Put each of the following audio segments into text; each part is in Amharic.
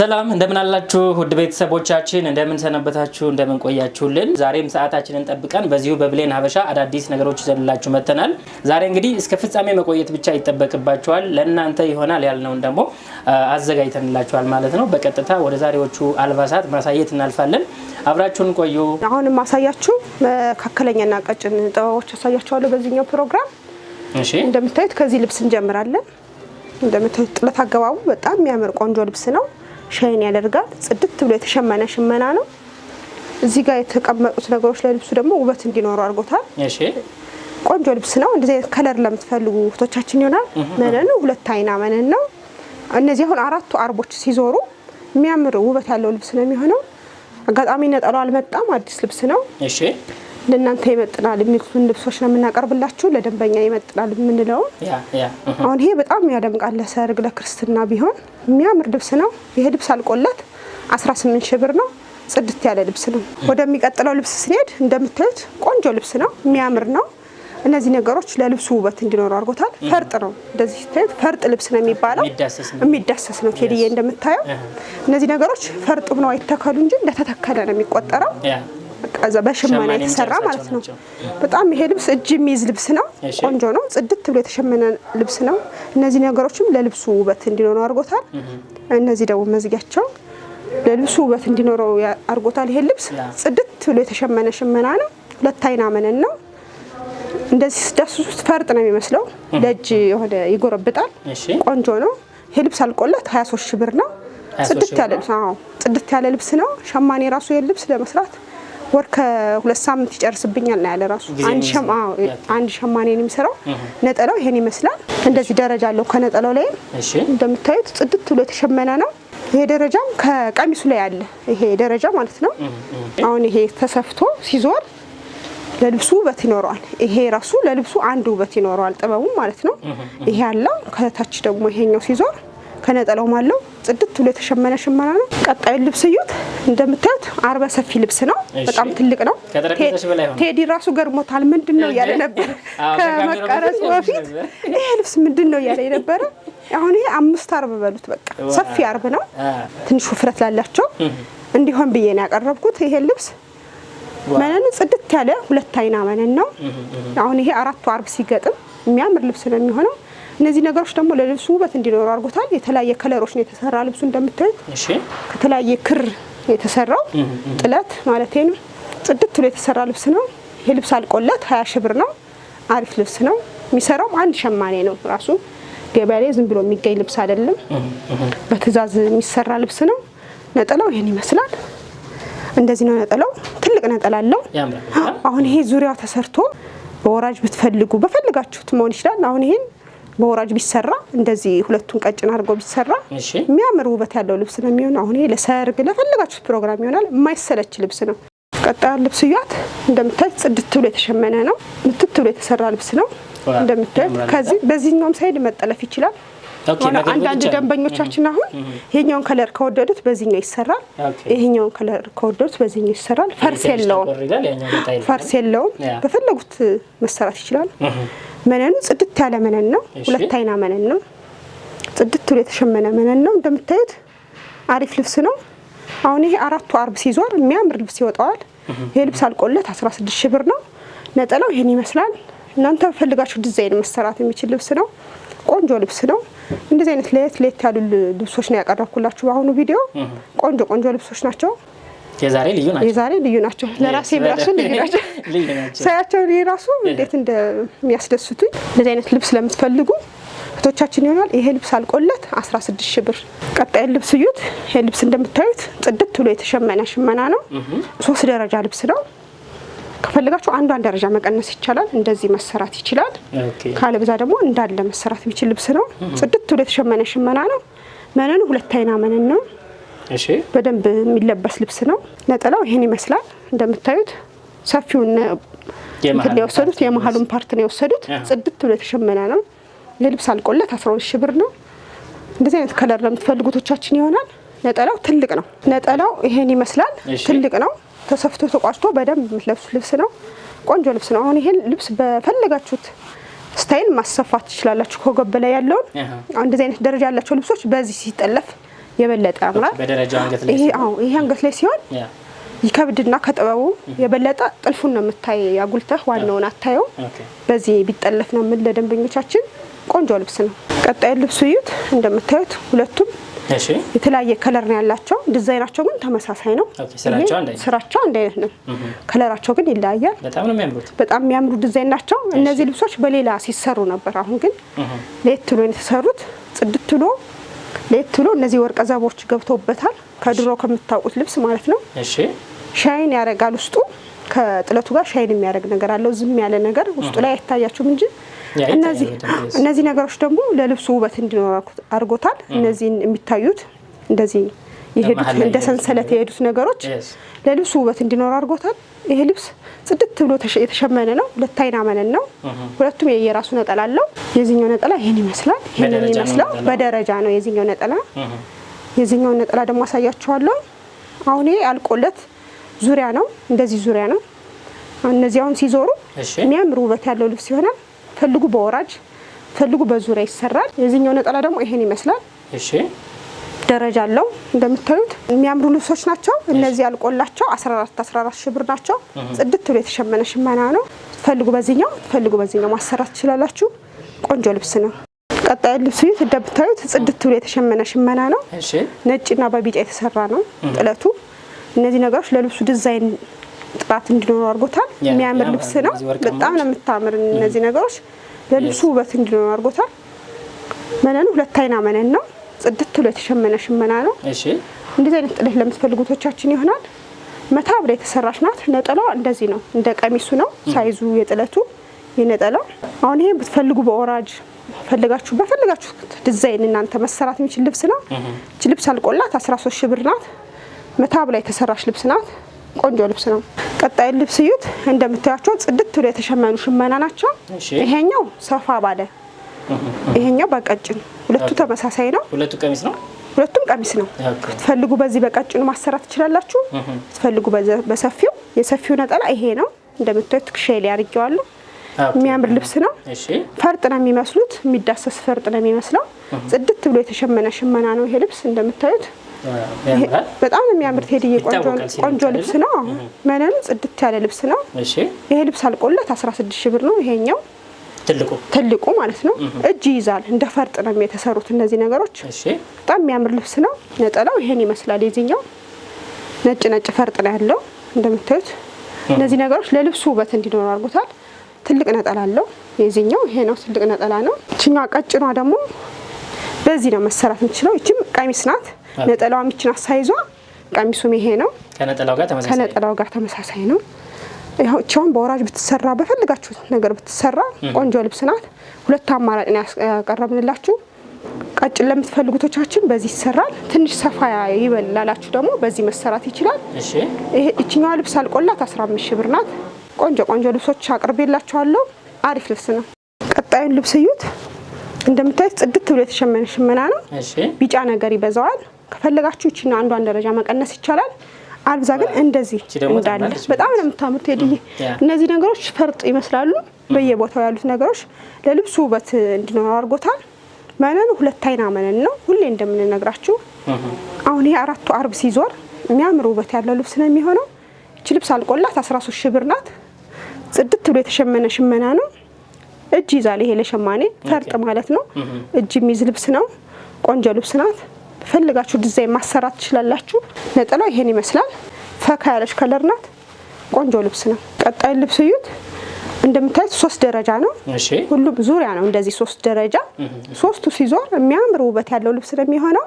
ሰላም እንደምን አላችሁ ውድ ቤተሰቦቻችን፣ እንደምን ሰነበታችሁ፣ እንደምን ቆያችሁልን? ዛሬም ሰዓታችንን ጠብቀን በዚሁ በብሌን ሀበሻ አዳዲስ ነገሮች ይዘንላችሁ መጥተናል። ዛሬ እንግዲህ እስከ ፍጻሜ መቆየት ብቻ ይጠበቅባችኋል። ለእናንተ ይሆናል ያልነውን ደግሞ አዘጋጅተንላችኋል ማለት ነው። በቀጥታ ወደ ዛሬዎቹ አልባሳት ማሳየት እናልፋለን። አብራችሁን ቆዩ። አሁንም ማሳያችሁ መካከለኛና ቀጭን ጥበቦች አሳያችኋለሁ በዚህኛው ፕሮግራም። እንደምታዩት ከዚህ ልብስ እንጀምራለን። እንደምታዩት ጥለት አገባቡ በጣም የሚያምር ቆንጆ ልብስ ነው። ሻይን ያደርጋል። ጽድት ብሎ የተሸመነ ሽመና ነው። እዚህ ጋር የተቀመጡት ነገሮች ለልብሱ ደግሞ ውበት እንዲኖሩ አድርጎታል። ቆንጆ ልብስ ነው። እንደዚህ አይነት ከለር ለምትፈልጉ እህቶቻችን ይሆናል። መነኑ ሁለት አይና መነን ነው። እነዚህ አሁን አራቱ አርቦች ሲዞሩ የሚያምር ውበት ያለው ልብስ ነው የሚሆነው። አጋጣሚ ነጠሉ አልመጣም፣ አዲስ ልብስ ነው። ለእናንተ ይመጥናል የሚሉትን ልብሶች ነው የምናቀርብላችሁ። ለደንበኛ ይመጥናል የምንለው አሁን ይሄ በጣም ያደምቃል። ለሰርግ ለክርስትና ቢሆን የሚያምር ልብስ ነው። ይሄ ልብስ አልቆለት 18 ሺህ ብር ነው። ጽድት ያለ ልብስ ነው። ወደሚቀጥለው ልብስ ስንሄድ እንደምታዩት ቆንጆ ልብስ ነው፣ የሚያምር ነው። እነዚህ ነገሮች ለልብሱ ውበት እንዲኖሩ አድርጎታል። ፈርጥ ነው እንደዚህ ስታዩት ፈርጥ ልብስ ነው የሚባለው፣ የሚዳሰስ ነው። ቴዲዬ እንደምታየው እነዚህ ነገሮች ፈርጥ ሆነው አይተከሉ እንጂ እንደተተከለ ነው የሚቆጠረው። በሽመና የተሰራ ማለት ነው። በጣም ይሄ ልብስ እጅ የሚይዝ ልብስ ነው። ቆንጆ ነው። ጽድት ብሎ የተሸመነ ልብስ ነው። እነዚህ ነገሮችም ለልብሱ ውበት እንዲኖረው አድርጎታል። እነዚህ ደግሞ መዝጊያቸው ለልብሱ ውበት እንዲኖረው አድርጎታል። ይሄ ልብስ ጽድት ብሎ የተሸመነ ሽመና ነው። ሁለት አይና መነን ነው። እንደዚህ ስዳስሱት ፈርጥ ነው የሚመስለው። ለእጅ የሆነ ይጎረብጣል። ቆንጆ ነው። ይሄ ልብስ አልቆለት 23 ሺህ ብር ነው። ጽድት ያለ ልብስ ነው። ሸማኔ ራሱ ይሄን ልብስ ለመስራት ወር ከሁለት ሳምንት ይጨርስብኛል ነው ያለ። ራሱ አንድ ሸማኔ ነው የሚሰራው። ነጠላው ይሄን ይመስላል። እንደዚህ ደረጃ አለው። ከነጠላው ላይም እንደምታዩት ጽድት ብሎ የተሸመነ ነው። ይሄ ደረጃም ከቀሚሱ ላይ አለ። ይሄ ደረጃ ማለት ነው። አሁን ይሄ ተሰፍቶ ሲዞር ለልብሱ ውበት ይኖረዋል። ይሄ ራሱ ለልብሱ አንድ ውበት ይኖረዋል። ጥበቡ ማለት ነው። ይሄ አለው። ከታች ደግሞ ይሄኛው ሲዞር ከነጠላውም አለው ጽድት ብሎ የተሸመነ ሽመና ነው። ቀጣዩን ልብስ እዩት። እንደምታዩት አርበ ሰፊ ልብስ ነው። በጣም ትልቅ ነው። ቴዲ ራሱ ገርሞታል። ምንድን ነው እያለ ነበረ ከመቀረጹ በፊት ይሄ ልብስ ምንድን ነው እያለ ነበረ። አሁን ይሄ አምስት አርብ በሉት በቃ ሰፊ አርብ ነው። ትንሽ ውፍረት ላላቸው እንዲሆን ብዬ ነው ያቀረብኩት ይሄን ልብስ መነን ጽድት ያለ ሁለት አይና መነን ነው። አሁን ይሄ አራቱ አርብ ሲገጥም የሚያምር ልብስ ነው የሚሆነው። እነዚህ ነገሮች ደግሞ ለልብሱ ውበት እንዲኖሩ አድርጎታል። የተለያየ ከለሮች ነው የተሰራ ልብሱ እንደምታዩት ከተለያየ ክር የተሰራው ጥለት ማለት ነው። ጽድት ብሎ የተሰራ ልብስ ነው። ይሄ ልብስ አልቆለት ሀያ ሺህ ብር ነው። አሪፍ ልብስ ነው። የሚሰራውም አንድ ሸማኔ ነው። ራሱ ገበያ ላይ ዝም ብሎ የሚገኝ ልብስ አይደለም። በትዕዛዝ የሚሰራ ልብስ ነው። ነጠላው ይህን ይመስላል። እንደዚህ ነው ነጠላው። ትልቅ ነጠላ አለው። አሁን ይሄ ዙሪያው ተሰርቶ በወራጅ ብትፈልጉ በፈልጋችሁት መሆን ይችላል። አሁን ይሄን በወራጅ ቢሰራ እንደዚህ ሁለቱን ቀጭን አድርጎ ቢሰራ የሚያምር ውበት ያለው ልብስ ነው የሚሆን አሁን ለሰርግ ለፈለጋችሁት ፕሮግራም ይሆናል። የማይሰለች ልብስ ነው። ቀጣዩ ልብስ እያት ጽድት ብሎ የተሸመነ ነው። ምትት ብሎ የተሰራ ልብስ ነው እንደምታዩት። ከዚህ በዚህኛውም ሳይድ መጠለፍ ይችላል። አንዳንድ ደንበኞቻችን አሁን ይሄኛውን ከለር ከወደዱት በዚህኛው ይሰራል፣ ይሄኛውን ከለር ከወደዱት በዚህኛው ይሰራል። ፈርስ የለውም፣ ፈርስ የለውም። በፈለጉት መሰራት ይችላል። መነኑ ጽድት ያለ መነን ነው። ሁለት አይና መነን ነው። ጽድት ብሎ የተሸመነ መነን ነው። እንደምታዩት አሪፍ ልብስ ነው። አሁን ይሄ አራቱ አርብ ሲዞር የሚያምር ልብስ ይወጣዋል። ይሄ ልብስ አልቆለት 16 ሺህ ብር ነው። ነጠላው ይሄን ይመስላል። እናንተ ፈልጋችሁ ዲዛይን መሰራት የሚችል ልብስ ነው። ቆንጆ ልብስ ነው። እንደዚህ አይነት ለየት ለየት ያሉ ልብሶች ነው ያቀረብኩላችሁ በአሁኑ ቪዲዮ። ቆንጆ ቆንጆ ልብሶች ናቸው። የዛሬ ልዩ ናቸው። የዛሬ ልዩ ናቸው። ለራሴ ራሱ ልዩ ናቸው። ሳያቸው ራሱ እንዴት እንደሚያስደስቱኝ። እንደዚህ አይነት ልብስ ለምትፈልጉ እህቶቻችን ይሆናል። ይሄ ልብስ አልቆለት 16 ሺህ ብር። ቀጣይ ልብስ እዩት። ይሄ ልብስ እንደምታዩት ጽድት ብሎ የተሸመነ ሽመና ነው። ሶስት ደረጃ ልብስ ነው። ከፈለጋችሁ አንዷን ደረጃ መቀነስ ይቻላል። እንደዚህ መሰራት ይችላል። ካለብዛ ደግሞ እንዳለ መሰራት የሚችል ልብስ ነው። ጽድት ብሎ የተሸመነ ሽመና ነው። መነኑ ሁለት አይና መነን ነው። በደንብ የሚለበስ ልብስ ነው። ነጠላው ይሄን ይመስላል። እንደምታዩት ሰፊውን እንትን የወሰዱት የመሀሉን ፓርት ነው የወሰዱት። ጽድት ብሎ የተሸመነ ነው። የልብስ አልቆለት አስራ ሁለት ሺ ብር ነው። እንደዚህ አይነት ከለር ለምትፈልጉቶቻችን ይሆናል። ነጠላው ትልቅ ነው። ነጠላው ይሄን ይመስላል። ትልቅ ነው። ተሰፍቶ ተቋጭቶ በደንብ የምትለብሱት ልብስ ነው። ቆንጆ ልብስ ነው። አሁን ይሄን ልብስ በፈለጋችሁት ስታይል ማሰፋት ትችላላችሁ። ከወገብ በላይ ያለውን እንደዚህ አይነት ደረጃ ያላቸው ልብሶች በዚህ ሲጠለፍ የበለጠ ያምራል። ይሄ አንገት ላይ ሲሆን ይከብድና ከጥበቡ የበለጠ ጥልፉን ነው የምታይ። አጉልተህ ዋናውን አታየው። በዚህ ቢጠለፍ ነው ምን ለደንበኞቻችን ቆንጆ ልብስ ነው። ቀጣዩ ልብሱ እዩት። እንደምታዩት ሁለቱም የተለያየ ከለር ነው ያላቸው። ዲዛይናቸው ግን ተመሳሳይ ነው። ስራቸው አንድ አይነት ነው። ከለራቸው ግን ይለያያል። በጣም የሚያምሩ ዲዛይን ናቸው። እነዚህ ልብሶች በሌላ ሲሰሩ ነበር። አሁን ግን ለየት ትሎ የተሰሩት ጽድት ትሎ ለየት ትሎ እነዚህ ወርቀ ዘቦች ገብተውበታል። ከድሮ ከምታውቁት ልብስ ማለት ነው። ሻይን ያደርጋል ውስጡ ከጥለቱ ጋር ሻይን የሚያደርግ ነገር አለው። ዝም ያለ ነገር ውስጡ ላይ አይታያችሁም እንጂ እነዚህ ነገሮች ደግሞ ለልብሱ ውበት እንዲኖር አድርጎታል። እነዚህን የሚታዩት እንደዚህ የሄዱት እንደ ሰንሰለት የሄዱት ነገሮች ለልብሱ ውበት እንዲኖር አድርጎታል። ይሄ ልብስ ጽድት ብሎ የተሸመነ ነው። ሁለት አይና መነን ነው። ሁለቱም የየራሱ ነጠላ አለው። የዚኛው ነጠላ ይህን ይመስላል። ይህንን የሚመስለው በደረጃ ነው የዚህኛው ነጠላ። የዚኛውን ነጠላ ደግሞ አሳያችኋለሁ። አሁን ይሄ አልቆለት ዙሪያ ነው። እንደዚህ ዙሪያ ነው። እነዚህ አሁን ሲዞሩ የሚያምር ውበት ያለው ልብስ ይሆናል። ፈልጉ በወራጅ ፈልጉ በዙሪያ ይሰራል። የዚህኛው ነጠላ ደግሞ ይሄን ይመስላል። ደረጃ አለው እንደምታዩት የሚያምሩ ልብሶች ናቸው። እነዚህ ያልቆላቸው 14 14 ሺህ ብር ናቸው። ጽድት ብሎ የተሸመነ ሽመና ነው። ፈልጉ በዚህኛው ፈልጉ በዚህኛው ማሰራት ትችላላችሁ። ቆንጆ ልብስ ነው። ቀጣይ ልብስ እንደምታዩት ጽድት ብሎ የተሸመነ ሽመና ነው። ነጭና በቢጫ የተሰራ ነው ጥለቱ እነዚህ ነገሮች ለልብሱ ዲዛይን ጥራት እንዲኖሩ አድርጎታል። የሚያምር ልብስ ነው። በጣም ነው የምታምር። እነዚህ ነገሮች ለልብሱ ውበት እንዲኖሩ አድርጎታል። መነኑ ሁለት አይና መነን ነው። ጽድት ብሎ የተሸመነ ሽመና ነው። እንደዚህ አይነት ጥለት ለምትፈልጉቶቻችን ይሆናል። መታ ብላ የተሰራች ናት። ነጠላዋ እንደዚህ ነው፣ እንደ ቀሚሱ ነው ሳይዙ የጥለቱ የነጠላው። አሁን ይሄ ብትፈልጉ በኦራጅ ፈልጋችሁ በፈልጋችሁ ዲዛይን እናንተ መሰራት የሚችል ልብስ ነው። ልብስ አልቆላት 13 ሺህ ብር ናት። መታ ብላ የተሰራች ልብስ ናት። ቆንጆ ልብስ ነው። ቀጣይ ልብስ እዩት። እንደምታያቸው ጽድት ብሎ የተሸመኑ ሽመና ናቸው። ይሄኛው ሰፋ ባለ፣ ይሄኛው በቀጭን ሁለቱ ተመሳሳይ ነው። ሁለቱ ቀሚስ ነው። ሁለቱም ቀሚስ ነው። ትፈልጉ በዚህ በቀጭኑ ማሰራት ትችላላችሁ። ትፈልጉ በሰፊው የሰፊው ነጠላ ይሄ ነው። እንደምታዩት ትከሻ ላይ አድርጌዋለሁ። የሚያምር ልብስ ነው። ፈርጥ ነው የሚመስሉት፣ የሚዳሰስ ፈርጥ ነው የሚመስለው። ጽድት ብሎ የተሸመነ ሽመና ነው ይሄ ልብስ እንደምታዩት በጣም ነው የሚያምር ቴዲዬ፣ ቆንጆ ልብስ ነው። መነኑ ጽድት ያለ ልብስ ነው። ይሄ ልብስ አልቆለት 16 ሺህ ብር ነው። ይሄኛው ትልቁ ማለት ነው። እጅ ይይዛል። እንደ ፈርጥ ነው የተሰሩት እነዚህ ነገሮች። በጣም የሚያምር ልብስ ነው። ነጠላው ይሄን ይመስላል። የዚህኛው ነጭ ነጭ ፈርጥ ነው ያለው እንደምታዩት። እነዚህ ነገሮች ለልብሱ ውበት እንዲኖሩ አድርጎታል። ትልቅ ነጠላ አለው የዚህኛው። ይሄ ነው ትልቅ ነጠላ ነው። ይችኛዋ ቀጭኗ ደግሞ በዚህ ነው መሰራት የምችለው። ይችም ቀሚስ ናት። ነጠላዋ ምችን አሳይዟ ቀሚሱም ይሄ ነው። ከነጠላው ጋር ተመሳሳይ ነው። ቸውን በወራጅ ብትሰራ በፈልጋችሁት ነገር ብትሰራ ቆንጆ ልብስ ናት። ሁለቱ አማራጭ ነው ያቀረብንላችሁ። ቀጭን ለምትፈልጉቶቻችን በዚህ ይሰራል። ትንሽ ሰፋ ይበላላችሁ ደግሞ በዚህ መሰራት ይችላል። ይችኛዋ ልብስ አልቆላት 15 ሺ ብር ናት። ቆንጆ ቆንጆ ልብሶች አቅርቤላችኋለሁ። አሪፍ ልብስ ነው። ቀጣዩን ልብስ እዩት። እንደምታዩት ጽድት ብሎ የተሸመነ ሽመና ነው። ቢጫ ነገር ይበዛዋል። ከፈለጋችሁ ይቺን አንዷን ደረጃ መቀነስ ይቻላል። አልብዛ ግን እንደዚህ እንዳለ በጣም ነው የምታምሩት። ቴዲዬ እነዚህ ነገሮች ፈርጥ ይመስላሉ። በየቦታው ያሉት ነገሮች ለልብሱ ውበት እንዲኖረው አድርጎታል። መነን ሁለት አይና መነን ነው ሁሌ እንደምንነግራችሁ። አሁን ይሄ አራቱ አርብ ሲዞር የሚያምር ውበት ያለው ልብስ ነው የሚሆነው። እቺ ልብስ አልቆላት 13 ሺህ ብር ናት። ጽድት ብሎ የተሸመነ ሽመና ነው። እጅ ይዛል። ይሄ ለሸማኔ ፈርጥ ማለት ነው። እጅ የሚይዝ ልብስ ነው። ቆንጆ ልብስ ናት። ፈልጋችሁ ዲዛይን ማሰራት ትችላላችሁ። ነጠላው ይሄን ይመስላል። ፈካ ያለች ከለር ናት። ቆንጆ ልብስ ነው። ቀጣይ ልብስ እዩት። እንደምታዩት ሶስት ደረጃ ነው። ሁሉም ዙሪያ ነው እንደዚህ ሶስት ደረጃ። ሶስቱ ሲዞር የሚያምር ውበት ያለው ልብስ ነው የሚሆነው።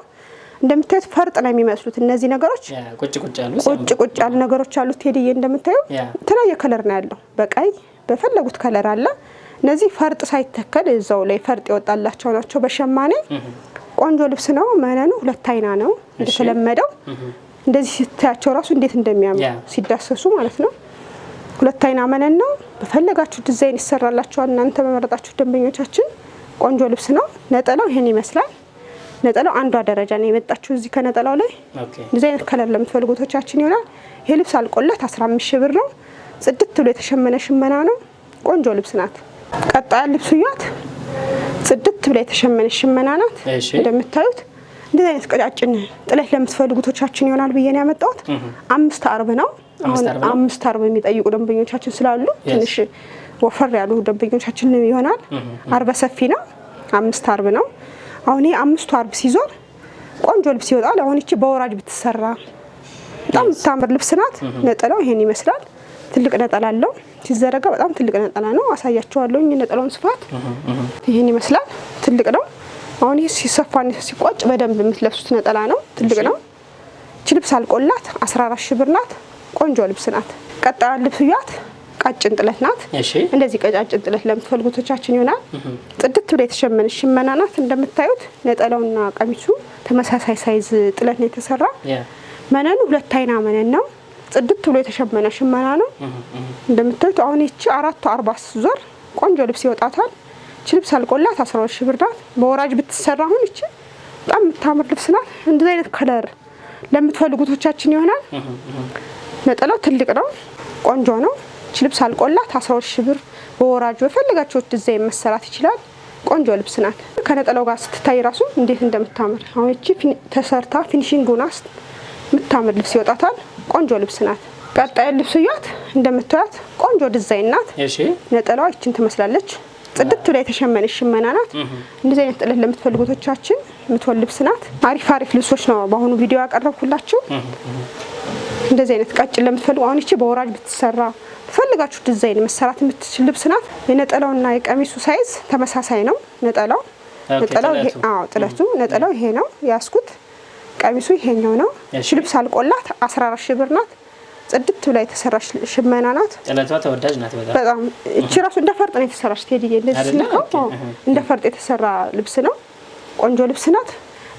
እንደምታዩት ፈርጥ ነው የሚመስሉት እነዚህ ነገሮች፣ ቁጭ ቁጭ ያሉ ነገሮች አሉት። ቴዲዬ እንደምታዩ የተለያየ ከለር ነው ያለው። በቀይ በፈለጉት ከለር አለ። እነዚህ ፈርጥ ሳይተከል እዛው ላይ ፈርጥ ይወጣላቸው ናቸው በሸማኔ ቆንጆ ልብስ ነው። መነኑ ሁለት አይና ነው እንደተለመደው። እንደዚህ ስታያቸው ራሱ እንዴት እንደሚያምሩ ሲዳሰሱ ማለት ነው። ሁለት አይና መነን ነው። በፈለጋችሁ ዲዛይን ይሰራላችኋል። እናንተ በመረጣችሁ ደንበኞቻችን ቆንጆ ልብስ ነው። ነጠላው ይሄን ይመስላል። ነጠላው አንዷ ደረጃ ነው የመጣችሁ። እዚህ ከነጠላው ላይ ዲዛይን ከለር ለምትፈልጉቶቻችን ይሆናል። ይሄ ልብስ አልቆላት 15 ሺህ ብር ነው። ጽድት ብሎ የተሸመነ ሽመና ነው። ቆንጆ ልብስ ናት። ቀጣያ ልብስ እያት ጽድት ብላ የተሸመነች ሽመና ናት። እንደምታዩት እንደዚህ አይነት ቀጫጭን ጥለት ለምትፈልጉቶቻችን ይሆናል ብዬ ነው ያመጣሁት። አምስት አርብ ነው። አሁን አምስት አርብ የሚጠይቁ ደንበኞቻችን ስላሉ ትንሽ ወፈር ያሉ ደንበኞቻችን ይሆናል። አርበ ሰፊ ነው። አምስት አርብ ነው። አሁን ይሄ አምስቱ አርብ ሲዞር ቆንጆ ልብስ ይወጣል። አሁን ይቺ በወራጅ ብትሰራ በጣም የምታምር ልብስ ናት። ነጠላው ይሄን ይመስላል። ትልቅ ነጠላ አለው። ሲዘረጋ በጣም ትልቅ ነጠላ ነው። አሳያችኋለሁ የነጠላውን ስፋት ይህን ይመስላል። ትልቅ ነው። አሁን ይህ ሲሰፋ ሲቋጭ በደንብ የምትለብሱት ነጠላ ነው። ትልቅ ነው። ይች ልብስ አልቆላት 14 ሺህ ብር ናት። ቆንጆ ልብስ ናት። ቀጣ ልብስ ያት ቀጭን ጥለት ናት። እንደዚህ ቀጫጭን ጥለት ለምትፈልጉቶቻችን ይሆናል። ጥድት ብላ የተሸመነ ሽመና ናት። እንደምታዩት ነጠላውና ቀሚሱ ተመሳሳይ ሳይዝ ጥለት ነው የተሰራ። መነኑ ሁለት አይና መነን ነው። ጽድት ብሎ የተሸመነ ሽመና ነው እንደምታዩት። አሁን ይቺ አራቱ አርባ ዞር ቆንጆ ልብስ ይወጣታል። ይቺ ልብስ አልቆላት አስራ ሁለት ሺህ ብር ናት። በወራጅ ብትሰራ አሁን ይቺ በጣም የምታምር ልብስ ናት። እንደዚህ አይነት ከለር ለምትፈልጉቶቻችን ይሆናል። ነጠላው ትልቅ ነው፣ ቆንጆ ነው። ይቺ ልብስ አልቆላት አስራ ሁለት ብር በወራጅ በፈለጋቸው ዲዛይን መሰራት ይችላል። ቆንጆ ልብስ ናት። ከነጠላው ጋር ስትታይ ራሱ እንዴት እንደምታምር አሁን ይቺ ተሰርታ ፊኒሽንግ ሆና የምታምር ልብስ ይወጣታል። ቆንጆ ልብስ ናት። ቀጣይ ልብስ እያት፣ እንደምታያት ቆንጆ ዲዛይን ናት። ነጠላዋ ይችን ትመስላለች። ጽድት ብላ የተሸመነች ሽመና ናት። እንደዚህ አይነት ጥለት ለምትፈልጉቶቻችን የምትሆን ልብስ ናት። አሪፍ አሪፍ ልብሶች ነው በአሁኑ ቪዲዮ ያቀረብኩላችሁ። እንደዚህ አይነት ቀጭን ለምትፈልጉ አሁን ይቺ በወራጅ ብትሰራ ትፈልጋችሁ ዲዛይን መሰራት የምትችል ልብስ ናት። የነጠላውና የቀሚሱ ሳይዝ ተመሳሳይ ነው። ነጠላው ነጠላው ጥለቱ ነጠላው ይሄ ነው ያስኩት ቀሚሱ ይሄኛው ነው። ልብስ አልቆላት 14 ሺህ ብር ናት። ጽድት ብላ የተሰራች ሽመና ናት። ጥለቷ ተወዳጅ ናት በጣም እቺ ራሱ እንደ ፈርጥ ነው የተሰራች። ቴዲዬ እንደዚህ ስነካው እንደ ፈርጥ የተሰራ ልብስ ነው። ቆንጆ ልብስ ናት።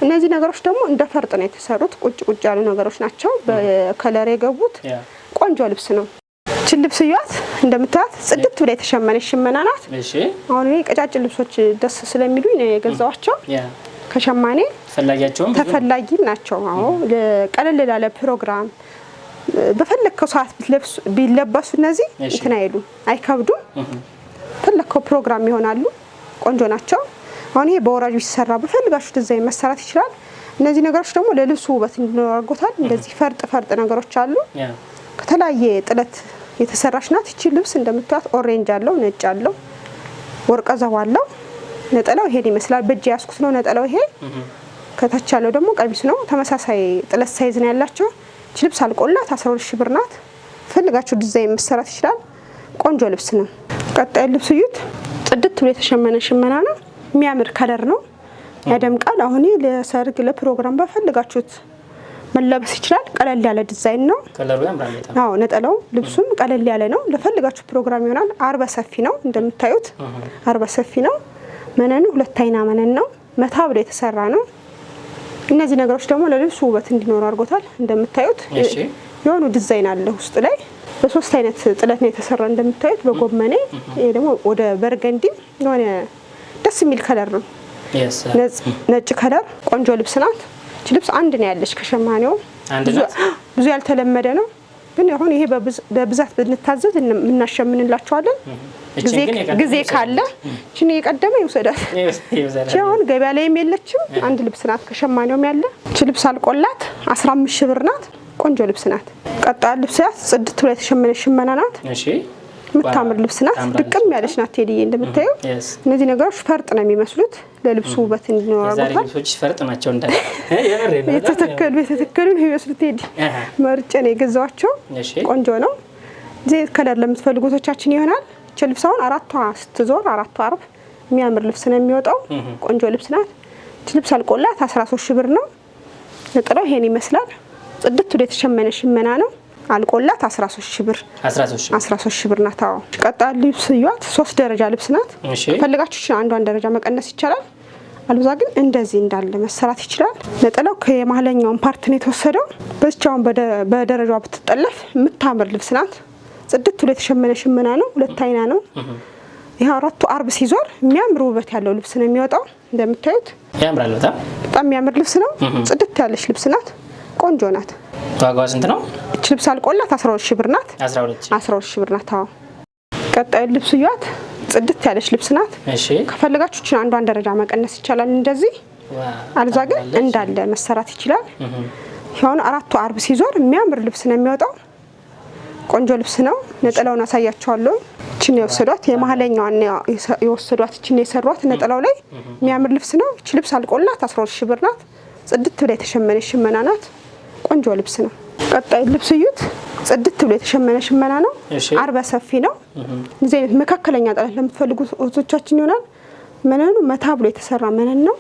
እነዚህ ነገሮች ደግሞ እንደ ፈርጥ ነው የተሰሩት። ቁጭ ቁጭ ያሉ ነገሮች ናቸው በከለር የገቡት። ቆንጆ ልብስ ነው። እችን ልብስ እያት እንደምታያት ጽድት ብላ የተሸመነች ሽመና ናት። አሁን ቀጫጭን ልብሶች ደስ ስለሚሉኝ ነው የገዛዋቸው። ከሸማኔ ተፈላጊ ናቸው። አዎ ቀለል ላለ ፕሮግራም በፈለግከው ሰዓት ቢለበሱ እነዚህ እንትን አይሉ አይከብዱም። ፈለግከው ፕሮግራም ይሆናሉ። ቆንጆ ናቸው። አሁን ይሄ በወራጅ ሲሰራ በፈልጋችሁ ዲዛይን መሰራት ይችላል። እነዚህ ነገሮች ደግሞ ለልብሱ ውበት እንዲኖር አድርጎታል። እንደዚህ ፈርጥ ፈርጥ ነገሮች አሉ። ከተለያየ ጥለት የተሰራች ናት። ይቺ ልብስ እንደምታዩት ኦሬንጅ አለው፣ ነጭ አለው፣ ወርቀ አለው። ነጠላው ይሄን ይመስላል። በእጅ ያስኩት ነው ነጠላው ይሄ። ከታች ያለው ደግሞ ቀሚስ ነው። ተመሳሳይ ጥለት ሳይዝ ነው ያላቸው። ልብስ አልቆላት 12 ሺህ ብር ናት። ፈልጋችሁ ዲዛይን መሰራት ይችላል። ቆንጆ ልብስ ነው። ቀጣይ ልብስ እዩት። ጥድት ብሎ የተሸመነ ሽመና ነው። የሚያምር ከለር ነው፣ ያደምቃል። አሁን ለሰርግ ለፕሮግራም በፈልጋችሁት መለበስ ይችላል። ቀለል ያለ ዲዛይን ነው። አዎ ነጠላው ልብሱም ቀለል ያለ ነው። ለፈልጋችሁ ፕሮግራም ይሆናል። አርበ ሰፊ ነው እንደምታዩት፣ አርበ ሰፊ ነው። መነኑ ሁለት አይና መነን ነው። መታ ብሎ የተሰራ ነው። እነዚህ ነገሮች ደግሞ ለልብሱ ውበት እንዲኖሩ አድርጎታል። እንደምታዩት የሆኑ ዲዛይን አለ ውስጥ ላይ በሶስት አይነት ጥለት ነው የተሰራ እንደምታዩት በጎመኔ ይሄ ደግሞ ወደ በርገንዲ የሆነ ደስ የሚል ከለር ነው። ነጭ ከለር ቆንጆ ልብስ ናት። ች ልብስ አንድ ነው ያለች ከሸማኔው ብዙ ያልተለመደ ነው። ግን አሁን ይሄ በብዛት ብንታዘዝ እናሸምንላቸዋለን። ጊዜ ካለ የቀደመ ይውሰዳል። አሁን ገበያ ላይም የለችም። አንድ ልብስ ናት፣ ከሸማኔውም ያለ ልብስ አልቆላት አስራ አምስት ሺህ ብር ናት። ቆንጆ ልብስ ናት። ቀጣ ልብስ ያት ጽድት ብላ የተሸመነ ሽመና ናት። የምታምር ልብስ ናት። ድቅም ያለች ናት። ቴዲዬ እነዚህ ነገሮች ፈርጥ ነው የሚመስሉት። ለልብሱ ውበት የተተከሉ የተተከሉ ነው የሚመስሉት። ቴዲ መርጬ ነው ቆንጆ ነው። ከለር ለምትፈልጉቶቻችን ይሆናል። ች ልብስ አሁን አራቷ ስትዞር አራቷ አርብ የሚያምር ልብስ ነው የሚወጣው። ቆንጆ ልብስ ናት። ች ልብስ አልቆላት አስራ ሶስት ሺህ ብር ነው። ንጥረው ይሄን ይመስላል። ጽድት ወደ የተሸመነ ሽመና ነው። አልቆላት 13 ሺህ ብር 13 ሺህ ብር ናት። አዎ ቀጣ ልብስ እዩዋት። ሶስት ደረጃ ልብስ ናት። ፈልጋችሁ አንዷን ደረጃ መቀነስ ይቻላል። አልብዛ ግን እንደዚህ እንዳለ መሰራት ይችላል። ነጠላው ከየማህለኛውን ፓርትን የተወሰደው። በዚቻውን በደረጃዋ ብትጠለፍ የምታምር ልብስ ናት። ጽድት ብሎ የተሸመነ ሽመና ነው። ሁለት አይና ነው። ይህ አራቱ አርብ ሲዞር የሚያምር ውበት ያለው ልብስ ነው የሚወጣው። እንደምታዩት ያምራል። በጣም በጣም የሚያምር ልብስ ነው። ጽድት ያለች ልብስ ናት። ቆንጆ ናት። ዋጋዋ ስንት ነው? እች ልብስ አልቆላት አስራ ሁለት ሺህ ብር ናት። አስራ ሁለት ሺህ ብር ናት። አዎ ቀጣዩ ልብስ እያት። ጽድት ያለች ልብስ ናት። ከፈለጋችሁ እችን አንዷን ደረጃ መቀነስ ይቻላል እንደዚህ። አልዛ ግን እንዳለ መሰራት ይችላል። ይሁን አራቱ አርብ ሲዞር የሚያምር ልብስ ነው የሚወጣው ቆንጆ ልብስ ነው። ነጠላውን አሳያቸዋለሁ። እችን የወሰዷት የመሀለኛዋን የወሰዷት እችን የሰሯት ነጠላው ላይ የሚያምር ልብስ ነው። እች ልብስ አልቆላት አስራ ሁለት ሺህ ብር ናት። ጽድት ብላ የተሸመነ ሽመና ናት። ቆንጆ ልብስ ነው። ቀጣይ ልብስ እዩት። ጽድት ብሎ የተሸመነ ሽመና ነው። አርበ ሰፊ ነው። እዚህ አይነት መካከለኛ ጥለት ለምትፈልጉ እህቶቻችን ይሆናል። መነኑ መታ ብሎ የተሰራ መነን ነው።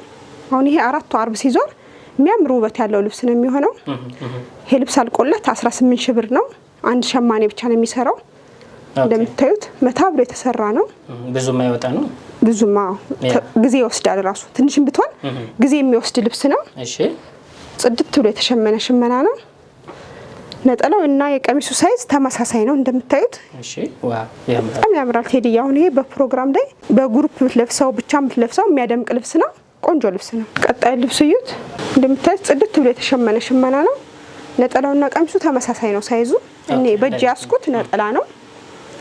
አሁን ይሄ አራቱ አርብ ሲዞር የሚያምር ውበት ያለው ልብስ ነው የሚሆነው። ይሄ ልብስ አልቆለት 18 ሺ ብር ነው። አንድ ሸማኔ ብቻ ነው የሚሰራው። እንደምታዩት መታ ብሎ የተሰራ ነው። ብዙ የማይወጣ ነው። ብዙማ ጊዜ ይወስዳል ራሱ ትንሽም ብትሆን ጊዜ የሚወስድ ልብስ ነው። ጽድት ብሎ የተሸመነ ሽመና ነው። ነጠላው እና የቀሚሱ ሳይዝ ተመሳሳይ ነው። እንደምታዩት በጣም ያምራል። ቴዲ አሁን ይሄ በፕሮግራም ላይ በግሩፕ ብትለብሰው ብቻ ብትለብሰው የሚያደምቅ ልብስ ነው። ቆንጆ ልብስ ነው። ቀጣይ ልብስ እዩት። እንደምታዩት ጽድት ብሎ የተሸመነ ሽመና ነው። ነጠላውና ቀሚሱ ተመሳሳይ ነው ሳይዙ። እኔ በእጅ ያስኩት ነጠላ ነው።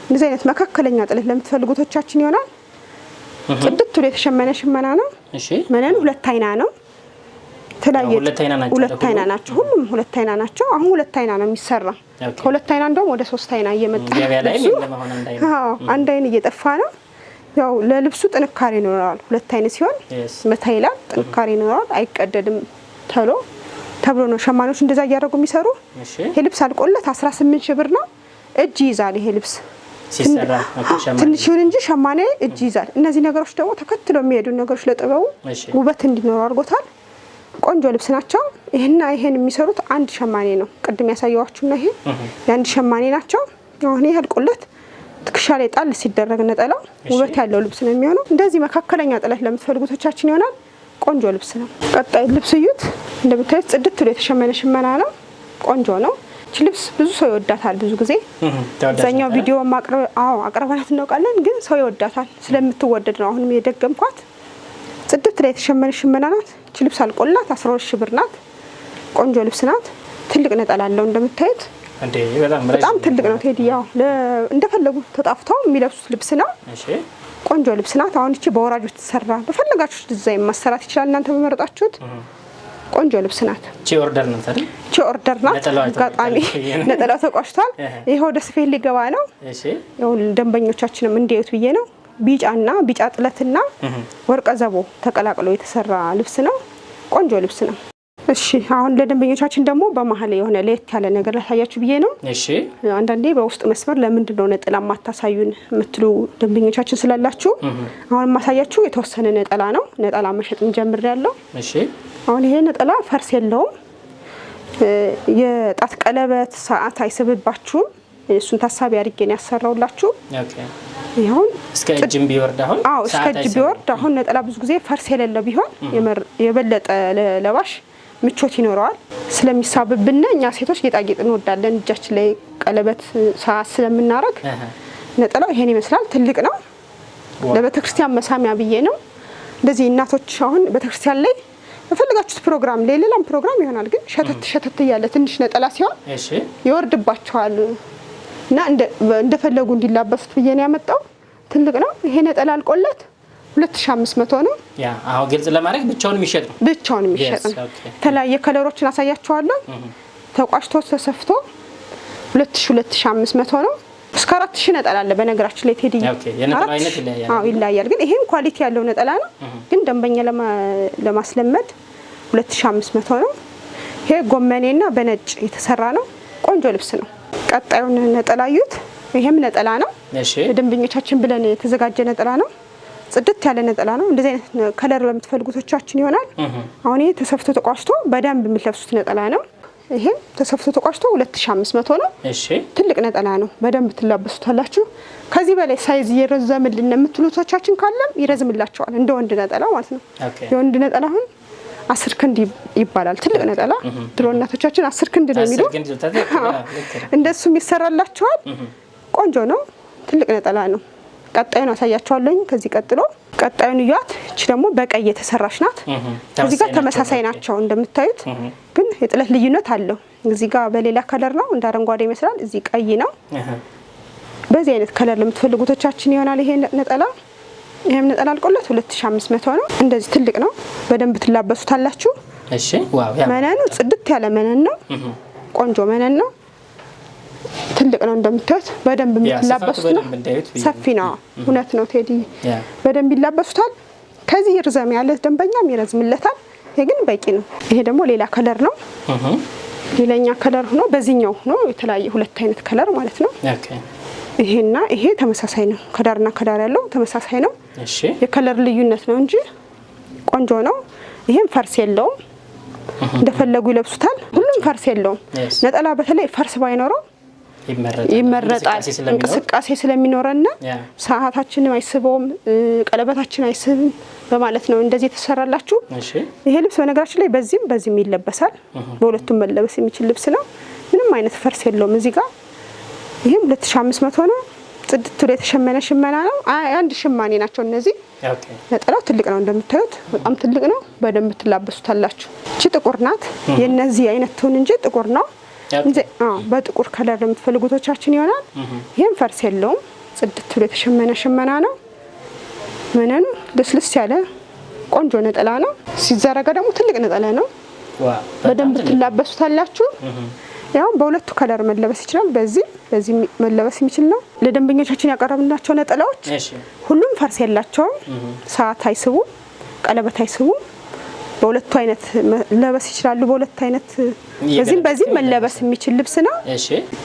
እንደዚህ አይነት መካከለኛ ጥለት ለምትፈልጉቶቻችን ይሆናል። ጥድት ብሎ የተሸመነ ሽመና ነው። መነን ሁለት አይና ነው። የተለያየ ሁለት አይና ናቸው። ሁሉም ሁለት አይና ናቸው። አሁን ሁለት አይና ነው የሚሰራ። ከሁለት አይና እንደውም ወደ ሶስት አይና እየመጣ አንድ አይን እየጠፋ ነው። ያው ለልብሱ ጥንካሬ ይኖረዋል። ሁለት አይን ሲሆን መታይላ ይላል፣ ጥንካሬ ይኖረዋል። አይቀደድም ተሎ ተብሎ ነው ሸማኔዎች እንደዛ እያደረጉ የሚሰሩ። ይሄ ልብስ አልቆለት 18 ሺህ ብር ነው። እጅ ይይዛል ይሄ ልብስ ትንሽ ይሁን እንጂ ሸማኔ እጅ ይዛል። እነዚህ ነገሮች ደግሞ ተከትሎ የሚሄዱ ነገሮች ለጥበቡ ውበት እንዲኖሩ አድርጎታል። ቆንጆ ልብስ ናቸው። ይህና ይሄን የሚሰሩት አንድ ሸማኔ ነው። ቅድም ያሳየዋችሁ ነው። ይሄ የአንድ ሸማኔ ናቸው። አሁን ይህ አልቆለት ትከሻ ላይ ጣል ሲደረግ ነጠላው ውበት ያለው ልብስ ነው የሚሆነው። እንደዚህ መካከለኛ ጥለት ለምትፈልጉቶቻችን ይሆናል። ቆንጆ ልብስ ነው። ቀጣይ ልብስ እዩት። እንደምታዩት ጽድት ብሎ የተሸመነ ሽመና ነው። ቆንጆ ነው። ይች ልብስ ብዙ ሰው ይወዳታል። ብዙ ጊዜ አብዛኛው ቪዲዮ አቅርበናት እናውቃለን፣ ግን ሰው ይወዳታል። ስለምትወደድ ነው አሁንም የደገምኳት። ጽድት ላይ የተሸመነ ሽመና ናት። ይች ልብስ አልቆላት አስራ ሁለት ሺህ ብር ናት። ቆንጆ ልብስ ናት። ትልቅ ነጠላ አለው እንደምታዩት በጣም ትልቅ ነው። ቴዲ ያው እንደፈለጉ ተጣፍተው የሚለብሱት ልብስ ነው። ቆንጆ ልብስ ናት። አሁን እቺ በወራጅ ብትሰራ በፈለጋችሁት ዲዛይን መሰራት ይችላል። እናንተ በመረጣችሁት ቆንጆ ልብስ ናት። እቺ ኦርደር ናት አይደል? እቺ ኦርደር ናት። አጋጣሚ ነጠላ ተቋሽቷል። ይሄ ወደ ስፌት ሊገባ ነው። እሺ ደንበኞቻችንም እንዲያዩት ብዬ ነው። ቢጫና ቢጫ ጥለትና ወርቀ ዘቦ ተቀላቅሎ የተሰራ ልብስ ነው። ቆንጆ ልብስ ነው። እሺ አሁን ለደንበኞቻችን ደግሞ በመሀል የሆነ ለየት ያለ ነገር ላሳያችሁ ብዬ ነው። እሺ አንዳንዴ በውስጥ መስመር ለምንድን ነው ነጠላ ማታሳዩን የምትሉ ደንበኞቻችን ስላላችሁ አሁን የማሳያችሁ የተወሰነ ነጠላ ነው። ነጠላ መሸጥ እንጀምር ያለው አሁን ይሄ ነጠላ ፈርስ የለውም። የጣት ቀለበት፣ ሰዓት አይስብባችሁም። እሱን ታሳቢ አድርጌን ያሰራውላችሁ ይሁን እስከ እጅም ቢወርድ አሁን አዎ እስከ እጅ ቢወርድ አሁን ነጠላ ብዙ ጊዜ ፈርስ የሌለው ቢሆን የበለጠ ለባሽ ምቾት ይኖረዋል። ስለሚሳብብና እኛ ሴቶች ጌጣጌጥ እንወዳለን። እጃችን ላይ ቀለበት ሰዓት ስለምናረግ ነጠላው ይሄን ይመስላል። ትልቅ ነው። ለቤተክርስቲያን መሳሚያ ብዬ ነው። እንደዚህ እናቶች አሁን ቤተክርስቲያን ላይ በፈለጋችሁት ፕሮግራም ለሌላም ፕሮግራም ይሆናል። ግን ሸተት ሸተት እያለ ትንሽ ነጠላ ሲሆን ይወርድባቸዋል እና እንደፈለጉ እንዲላበሱት ብዬ ነው ያመጣው። ትልቅ ነው ይሄ ነጠላ አልቆለት መቶ ነው። ያ አሁን ግልጽ ለማድረግ ብቻውን የሚሸጥ ነው። ብቻውን የሚሸጥ ነው። የተለያየ ከለሮችን አሳያቸዋለን። ተቋጭቶ ተሰፍቶ መቶ ነው። እስከ ሺ ነጠላ አለ። በነገራችን ላይ ቴዲ ይለያያል፣ ግን ይሄም ኳሊቲ ያለው ነጠላ ነው። ግን ደንበኛ ለማስለመድ መቶ ነው። ይሄ ጎመኔና በነጭ የተሰራ ነው። ቆንጆ ልብስ ነው። ቀጣዩን ነጠላ እዩት። ይሄም ነጠላ ነው። ደንበኞቻችን ብለን የተዘጋጀ ነጠላ ነው። ጽድት ያለ ነጠላ ነው። እንደዚህ አይነት ከለር በምትፈልጉቶቻችን ይሆናል። አሁን ይሄ ተሰፍቶ ተቋጭቶ በደንብ የምትለብሱት ነጠላ ነው። ይሄ ተሰፍቶ ተቋጭቶ 2500 ነው። ትልቅ ነጠላ ነው። በደንብ ትላበሱታላችሁ። ከዚህ በላይ ሳይዝ እየረዘምልን የምትሉቶቻችን ካለም ይረዝምላቸዋል። እንደ ወንድ ነጠላ ማለት ነው። የወንድ ነጠላ አሁን አስር ክንድ ይባላል። ትልቅ ነጠላ ድሮ እናቶቻችን አስር ክንድ ነው የሚሉ እንደሱም ይሰራላቸዋል። ቆንጆ ነው። ትልቅ ነጠላ ነው። ቀጣዩን አሳያቸዋለኝ። ከዚህ ቀጥሎ ቀጣዩን እያት። እቺ ደግሞ በቀይ የተሰራች ናት። እዚህ ጋር ተመሳሳይ ናቸው እንደምታዩት፣ ግን የጥለት ልዩነት አለው። እዚህ ጋር በሌላ ከለር ነው እንደ አረንጓዴ ይመስላል፣ እዚህ ቀይ ነው። በዚህ አይነት ከለር ለምትፈልጉቶቻችን ይሆናል። ይሄ ነጠላ ይህም ነጠላ አልቆለት መቶ ነው። እንደዚህ ትልቅ ነው፣ በደንብ ትላበሱታላችሁ። መነኑ ጽድት ያለ መነን ነው፣ ቆንጆ መነን ነው። ትልቅ ነው እንደምታዩት፣ በደንብ የሚላበሱት ነው። ሰፊ ነው። እውነት ነው ቴዲ፣ በደንብ ይላበሱታል። ከዚህ ይርዘም ያለ ደንበኛም ይረዝምለታል። ይሄ ግን በቂ ነው። ይሄ ደግሞ ሌላ ከለር ነው። ሌላኛ ከለር ሆኖ በዚህኛው ሆኖ የተለያየ ሁለት አይነት ከለር ማለት ነው። ይሄና ይሄ ተመሳሳይ ነው። ከዳርና ከዳር ያለው ተመሳሳይ ነው። የከለር ልዩነት ነው እንጂ ቆንጆ ነው። ይሄም ፈርስ የለውም። እንደፈለጉ ይለብሱታል። ሁሉም ፈርስ የለውም። ነጠላ በተለይ ፈርስ ባይኖረው ይመረጣል። እንቅስቃሴ ስለሚኖረና ሰዓታችንም አይስበውም፣ ቀለበታችን አይስብም በማለት ነው እንደዚህ የተሰራላችሁ። ይሄ ልብስ በነገራችን ላይ በዚህም በዚህም ይለበሳል። በሁለቱም መለበስ የሚችል ልብስ ነው። ምንም አይነት ፈርስ የለውም። እዚህ ጋር ይህም መቶ ነው። ጽድት ብሎ የተሸመነ ሽመና ነው። አንድ ሽማኔ ናቸው እነዚህ። ነጠላው ትልቅ ነው እንደምታዩት፣ በጣም ትልቅ ነው። በደንብ ትላበሱታላችሁ። እቺ ጥቁር ናት። የእነዚህ አይነት ትሁን እንጂ ጥቁር ነው። በጥቁር ከለር ለምትፈልጉቶቻችን ይሆናል። ይህም ፈርስ የለውም ጽድት ብሎ የተሸመነ ሽመና ነው። ምንም ልስልስ ያለ ቆንጆ ነጠላ ነው። ሲዘረጋ ደግሞ ትልቅ ነጠላ ነው። በደንብ ትላበሱታላችሁ። ያው በሁለቱ ከለር መለበስ ይችላል። በዚህ በዚህ መለበስ የሚችል ነው። ለደንበኞቻችን ያቀረብናቸው ነጠላዎች ሁሉም ፈርስ የላቸውም። ሰዓት አይስቡም፣ ቀለበት አይስቡም። በሁለቱ አይነት መለበስ ይችላሉ። በሁለት አይነት በዚህም በዚህም መለበስ የሚችል ልብስ ነው።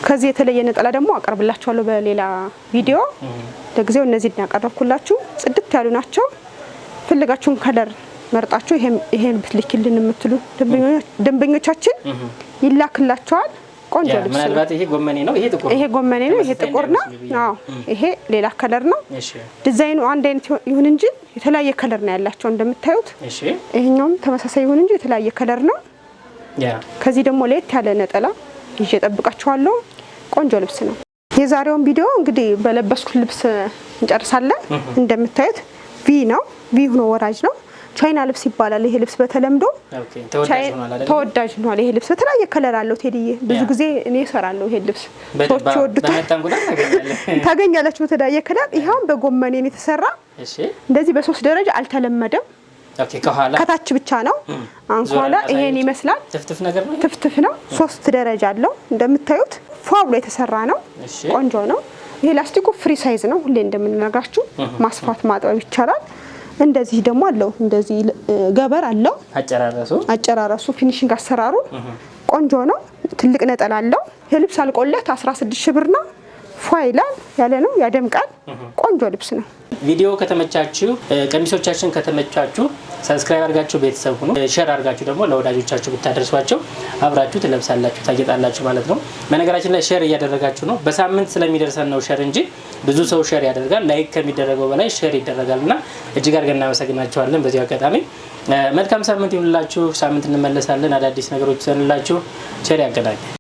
ከዚህ የተለየ ነጠላ ደግሞ አቀርብላችኋለሁ በሌላ ቪዲዮ። ለጊዜው እነዚህ ያቀረብኩላችሁ ጽድት ያሉ ናቸው። ፈልጋችሁን ከለር መርጣችሁ ይሄን ብትልኪልን የምትሉ ደንበኞቻችን ይላክላቸዋል። ቆንጆ ልብስ ነው። ይሄ ጎመኔ ነው፣ ይሄ ጥቁር ነው። አዎ ይሄ ሌላ ከለር ነው። ዲዛይኑ አንድ አይነት ይሁን እንጂ የተለያየ ከለር ነው ያላቸው እንደምታዩት። ይሄኛውም ተመሳሳይ ይሁን እንጂ የተለያየ ከለር ነው። ከዚህ ደግሞ ለየት ያለ ነጠላ ይዤ እጠብቃችኋለሁ። ቆንጆ ልብስ ነው። የዛሬውን ቪዲዮ እንግዲህ በለበስኩት ልብስ እንጨርሳለን። እንደምታዩት ቪ ነው፣ ቪ ሆኖ ወራጅ ነው። ቻይና ልብስ ይባላል። ይሄ ልብስ በተለምዶ ተወዳጅ ሆኗል። ይሄ ልብስ በተለያየ ከለር አለው። ቴዲዬ ብዙ ጊዜ እኔ እሰራለሁ። ይሄ ልብስ ሰዎች ይወዱታል። ታገኛላችሁ በተለያየ ከለር። ይኸውም በጎመኔን የተሰራ እንደዚህ በሶስት ደረጃ አልተለመደም። ከታች ብቻ ነው። አንኳላ ይሄን ይመስላል። ትፍትፍ ነው። ሶስት ደረጃ አለው እንደምታዩት ፏ ብሎ የተሰራ ነው። ቆንጆ ነው። ይሄ ላስቲኩ ፍሪ ሳይዝ ነው። ሁሌ እንደምንነግራችሁ ማስፋት ማጥበብ ይቻላል። እንደዚህ ደግሞ አለው እንደዚህ ገበር አለው። አጨራረሱ አጨራረሱ ፊኒሽንግ አሰራሩ ቆንጆ ነው። ትልቅ ነጠላ አለው። የልብስ አልቆለት 16 ሺህ ብር ነው። ፏ ይላል ያለ ነው፣ ያደምቃል። ቆንጆ ልብስ ነው። ቪዲዮ ከተመቻችሁ፣ ቀሚሶቻችን ከተመቻችሁ ሰብስክራይብ አድርጋችሁ ቤተሰብ ሁኑ። ሼር አድርጋችሁ ደግሞ ለወዳጆቻችሁ ብታደርሷቸው አብራችሁ ትለብሳላችሁ፣ ታጌጣላችሁ ማለት ነው። በነገራችን ላይ ሼር እያደረጋችሁ ነው። በሳምንት ስለሚደርሰን ነው ሼር እንጂ ብዙ ሰው ሼር ያደርጋል። ላይክ ከሚደረገው በላይ ሼር ይደረጋል እና እጅግ አድርገን እናመሰግናቸዋለን። በዚሁ አጋጣሚ መልካም ሳምንት ይሁንላችሁ። ሳምንት እንመለሳለን። አዳዲስ ነገሮች ይዘንላችሁ ሼር ያገናኛል።